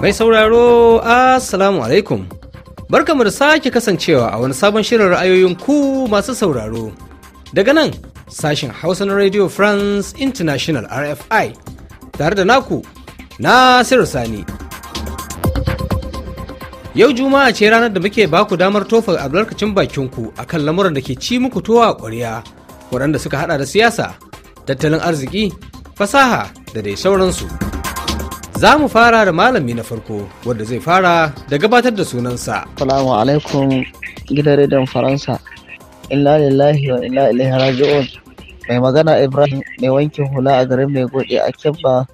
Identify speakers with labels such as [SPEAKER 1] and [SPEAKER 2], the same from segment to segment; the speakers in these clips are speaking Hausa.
[SPEAKER 1] Mai sauraro, Assalamu alaikum. Barkamu da sake kasancewa a wani sabon shirin ra'ayoyin ku masu sauraro. Daga nan, sashen Hausa na Radio France International RFI, tare da naku, Nasiru Sani. Yau Juma'a ce ranar da muke baku damar tofa albarkacin bakinku a kan lamuran da ke ci muku towa a ƙwarya, waɗanda suka hada da siyasa, tattalin arziki, fasaha da dai sauransu. Za mu fara da malami na farko
[SPEAKER 2] wanda zai fara da gabatar da sunansa. Salamu alaikum gidan rediyon Faransa. Inna lillahi wa inna ilaihi raji'un. Mai magana Ibrahim mai wankin hula a garin mai gode a Kebba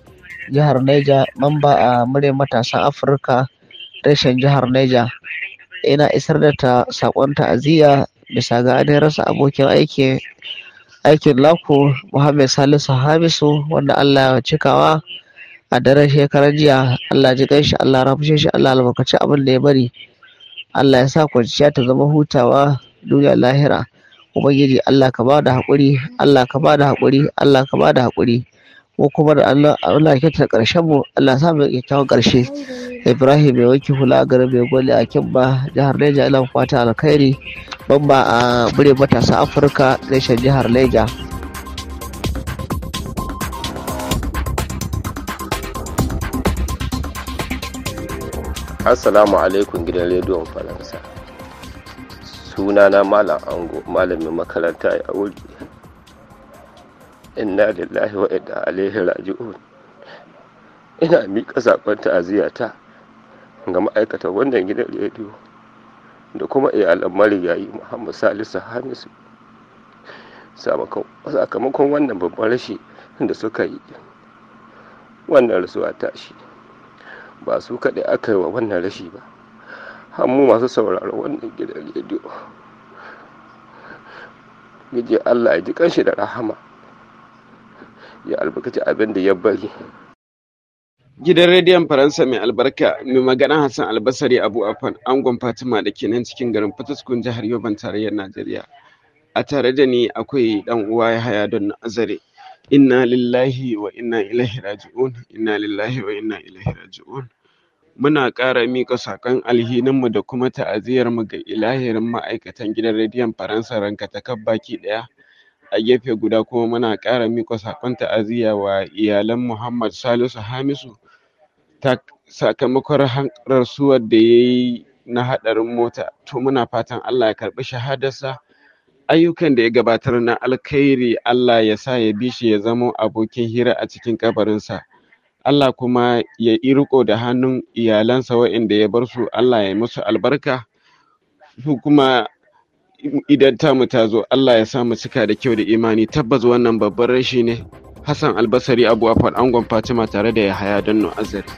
[SPEAKER 2] jihar Neja mamba a murya matasan Afirka reshen jihar Neja. Ina isar da ta sakon ta'aziyya bisa ga rasa abokin aiki aikin laku Muhammad Salisu Hamisu wanda Allah ya cikawa a daren shekaran jiya Allah ji gaishe Allah rafishe shi Allah albarkaci abin da ya bari Allah ya sa kwanciya ta zama hutawa duniya lahira ubangiji Allah ka ba da haƙuri Allah ka ba da haƙuri Allah ka ba da haƙuri ko kuma da Allah Allah ya ta karshen mu Allah sa mu kawo ƙarshe Ibrahim mai wanki hula a garin mai gwale a Kimba jihar Leja ina fata alkhairi bamba a mure matasa Afirka reshen jihar Leja
[SPEAKER 3] Assalamu alaikum gidan rediyon Faransa. Sunana
[SPEAKER 4] Malam Ango, malamin makaranta a inna lillahi wa inna alaihi raji'un ina miƙa saƙon ta ga ma'aikatan wannan gidan rediyo da kuma iyalan marigayi muhammad salisu hamisu sakamakon wannan babban rashi da suka yi wannan rasuwa tashi ba su kaɗai aka yi wa wannan rashi ba hannu masu sauraron wannan gidan rediyo
[SPEAKER 3] gije allah ya ji kanshi da rahama ya albarkaci abin da ya bari Gidan rediyon Faransa mai albarka mai magana Hassan Albasari Abu Afan angon Fatima da ke nan cikin garin Fataskun jihar Yoban tarayyar Najeriya. A tare da ni akwai dan uwa ya haya don azare. Inna lillahi wa inna ilaihi raji'un. Inna lillahi wa inna ilaihi raji'un. Muna ƙara miƙa saƙon alhininmu da kuma ta'aziyarmu ga ilahirin ma'aikatan gidan rediyon Faransa ranka ta baki ɗaya. a gefe guda kuma muna ƙara miƙa saƙon ta'aziyya wa iyalan Muhammad Salisu Hamisu sakamakon rasuwar da ya yi na haɗarin mota to muna fatan Allah ya karɓi shahadarsa ayyukan da ya gabatar na alkhairi Allah ya sa ya bi shi ya zamo abokin hira a cikin kabarinsa Allah kuma ya yi riko da hannun iyalansa waɗanda ya bar su Allah ya musu albarka su kuma idan tamu ta zo Allah ya samu cika da kyau da imani tabbas wannan babban rashi ne Hassan Albasari Abu Afan Angon Fatima tare da Yahaya Danno Azari.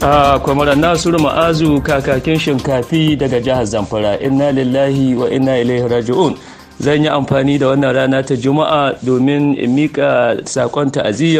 [SPEAKER 4] a ah, kwamaran nasiru ma'azu kakakin shinkafi daga jihar zamfara inna lillahi wa inna ilaihi raji'un zan yi amfani da wannan rana ta juma'a domin in mika sakon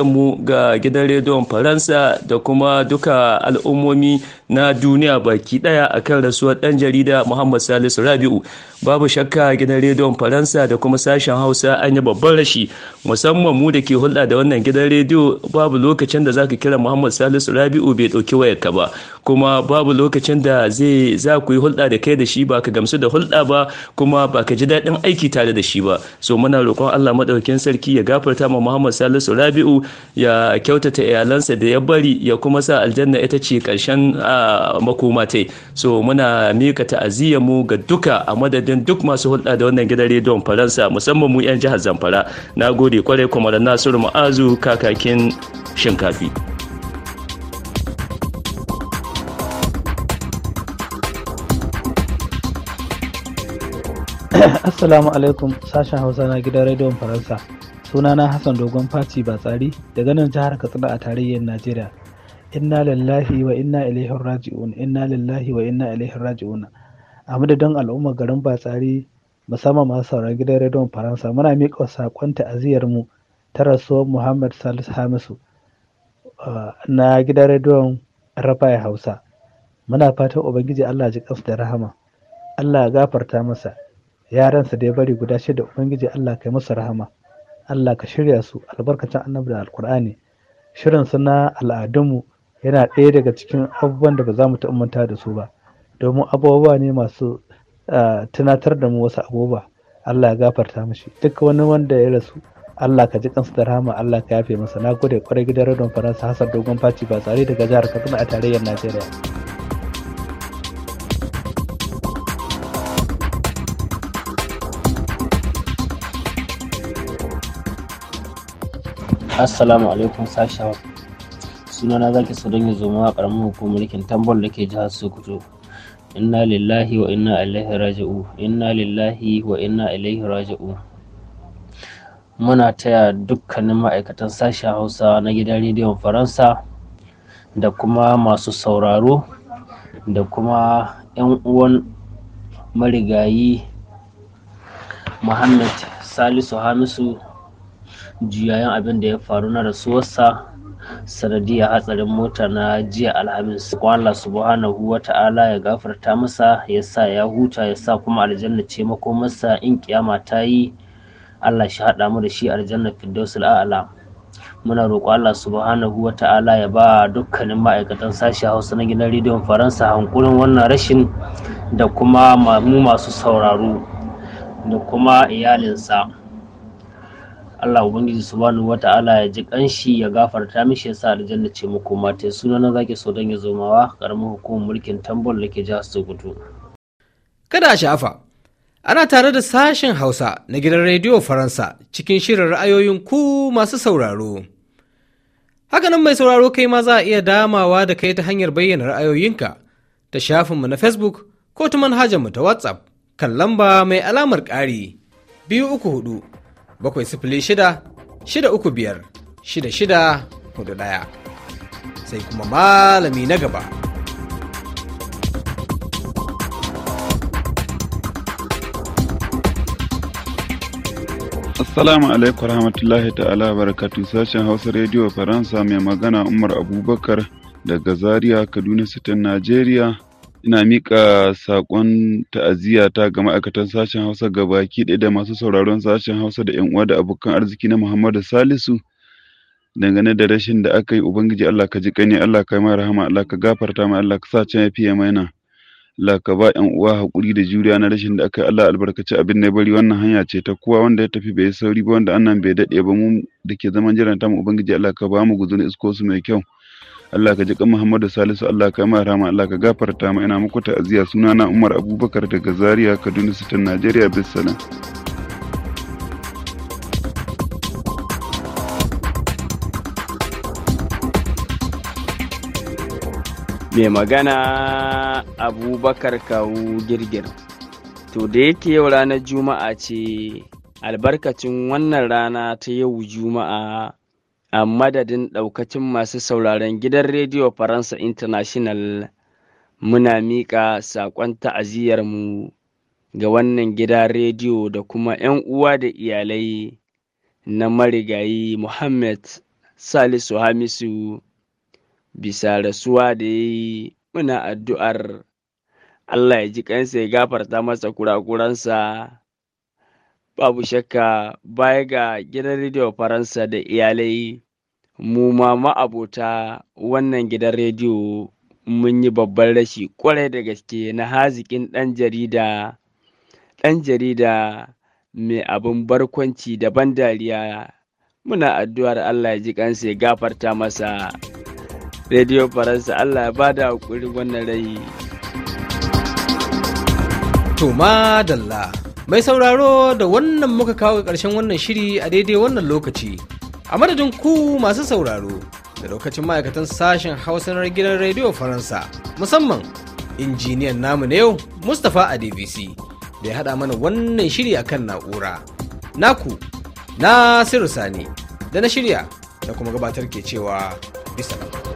[SPEAKER 4] mu ga gidan rediyon faransa da kuma duka al'ummomi na duniya baki daya kan rasuwar dan jarida muhammad salisu rabi'u babu shakka gidan rediyon faransa da kuma sashen hausa an yi babban rashi musamman mu da ke hulɗa da wannan gidan rediyo babu lokacin da zaka kira muhammad salisu rabi'u bai ɗauki wayarka ba kuma babu lokacin da zai za ku yi hulɗa da kai da shi ba ka gamsu da hulɗa ba kuma ba ka ji daɗin aiki tare da shi ba so muna roƙon Allah madaukakin sarki ya gafarta ma Muhammad Salisu Rabi'u ya kyautata iyalansa da ya bari ya kuma sa aljanna ita ce ƙarshen makomatai so muna mika ta'aziyya mu ga duka a madadin duk masu hulɗa da wannan gidan rediyon Faransa musamman mu 'yan jihar Zamfara na gode kwarai kuma da Nasiru Ma'azu kakakin shinkafi.
[SPEAKER 1] Assalamu alaikum sashen Hausa na gidan rediyon Faransa. Suna na Hassan Dogon Faci Batsari daga nan jihar Katsina a tarayyar Najeriya. Inna lillahi wa inna ilaihi raji'un. Inna lillahi wa inna ilaihi raji'un. A madadin al'ummar garin Batsari musamman masu sauran gidan rediyon Faransa muna miƙa saƙon ta'aziyar mu ta rasuwar Muhammad Salisu Hamisu uh, na gidan rediyon Rafai Hausa. Muna fatan Ubangiji Allah ji da rahama. Allah ya gafarta masa yaransa da ya bari guda shida ubangiji Allah kai musu rahama Allah ka shirya su albarkacin annabi da alkur'ani shirin su na al'adunmu yana ɗaya daga cikin abubuwan da ba za mu ta'ummanta da su ba domin abubuwa ne masu tunatar da mu wasu abubuwa Allah ya gafarta mishi duk wani wanda ya rasu Allah ka ji kansu da rahama Allah ka yafe masa na gode kwarai gidan radon faransa hasar dogon faci ba tsare daga jihar Kaduna a tarayyar Najeriya.
[SPEAKER 2] assalamu alaikum sasha Suna na zaki sadon ya zoma a karamin hukumar mulkin tambol da ke jihar sokoto inna lillahi wa inna ilaihi raji'u inna lillahi wa inna ilaihi raji'u muna taya dukkanin ma'aikatan sashen hausa na gidan rediyon faransa da kuma masu sauraro da kuma 'yan uwan marigayi muhammad salisu hamisu juyayen abin da ya faru na rasuwarsa sanadiyar hatsarin mota na jiya alhamis ko Allah subhanahu wa ta'ala ya gafarta masa ya sa ya huta ya sa kuma aljanna ce makomarsa in kiyama ta yi Allah shi haɗa mu da shi aljanna firdausul a'la muna roƙo Allah subhanahu wa ta'ala ya ba dukkanin ma'aikatan sashi Hausa na gidan rediyon Faransa hankulin wannan rashin da kuma mu masu sauraro da kuma iyalinsa. Allah Ubangiji subhanahu ta'ala ya ji kanshi ya gafarta mishi ya sa aljanna ce muku mata suna na zaki so don ya zo mawa karamin hukumar mulkin tambol da ke jihar Sokoto.
[SPEAKER 1] Kada sha'afa ana tare da sashen Hausa na gidan rediyo Faransa cikin shirin ra'ayoyin ku masu sauraro. Hakanan mai sauraro kai ma za a iya damawa da kai ta hanyar bayyana ra'ayoyinka ta shafinmu na Facebook ko ta mu ta WhatsApp kan lamba mai alamar ƙari biyu uku hudu bakwai sifili shida shida uku biyar shida shida hudu ɗaya sai kuma malami na gaba.
[SPEAKER 3] Assalamu alaikum rahmatullahi ta'ala barakatu sashen Hausa Radio Faransa mai magana Umar Abubakar daga Zaria Kaduna City Najeriya ina miƙa saƙon ta'aziyyata ga ma'aikatan sashen Hausa ga baki ɗaya da masu sauraron sashen Hausa da ƴan uwa da abokan arziki na Muhammadu Salisu dangane da rashin da aka yi Ubangiji Allah ka ji ƙani Allah ka yi mai rahama Allah ka gafarta mai Allah ka sa can ya fiye maina Allah ka ba ƴan uwa haƙuri da juriya na rashin da aka yi Allah albarkaci abin da bari wannan hanya ce ta kowa wanda ya tafi bai sauri ba wanda annan bai daɗe ba mu da ke zaman jiran ta mu Ubangiji Allah ka ba mu guzuri iskosu mai kyau Allah ka ji kan Muhammadu Salisu Allah ka mara rama Allah ka gafarta ma ina muku ta'aziyya na Umar Abubakar daga Zaria Kaduna City Najeriya bisalan.
[SPEAKER 5] Me magana abubakar kawu girgir to da yake yau ranar juma'a ce albarkacin wannan rana ta yau juma'a a madadin ɗaukacin masu sauraron gidan rediyo faransa international muna miƙa saƙon mu ga wannan gidan rediyo da kuma 'yan uwa da iyalai na marigayi muhammad salisu hamisu bisa rasuwa da ya yi muna addu'ar allah ya ji kansa ya gafarta masa kurakuransa babu shakka baya ga gidan rediyo faransa da iyalai mu ma ma'abota wannan gidan rediyo mun yi babban rashi kwarai da gaske na hazikin ɗan jarida ɗan jarida mai abin barkwanci da ban dariya muna addu'ar allah ya ji kansa ya gafarta masa rediyo faransa allah ya bada hakuri wannan rai
[SPEAKER 1] to madalla Mai sauraro da wannan muka kawo ga ƙarshen wannan shiri a daidai wannan lokaci. A madadin ku masu sauraro da lokacin ma'aikatan sashen Hausa na gidan Rediyo Faransa musamman injiniyan namu na yau Mustapha Adebisi da ya haɗa mana wannan shiri a kan na'ura. Naku Nasiru Sani da na shirya da kuma gabatar ke cewa bisa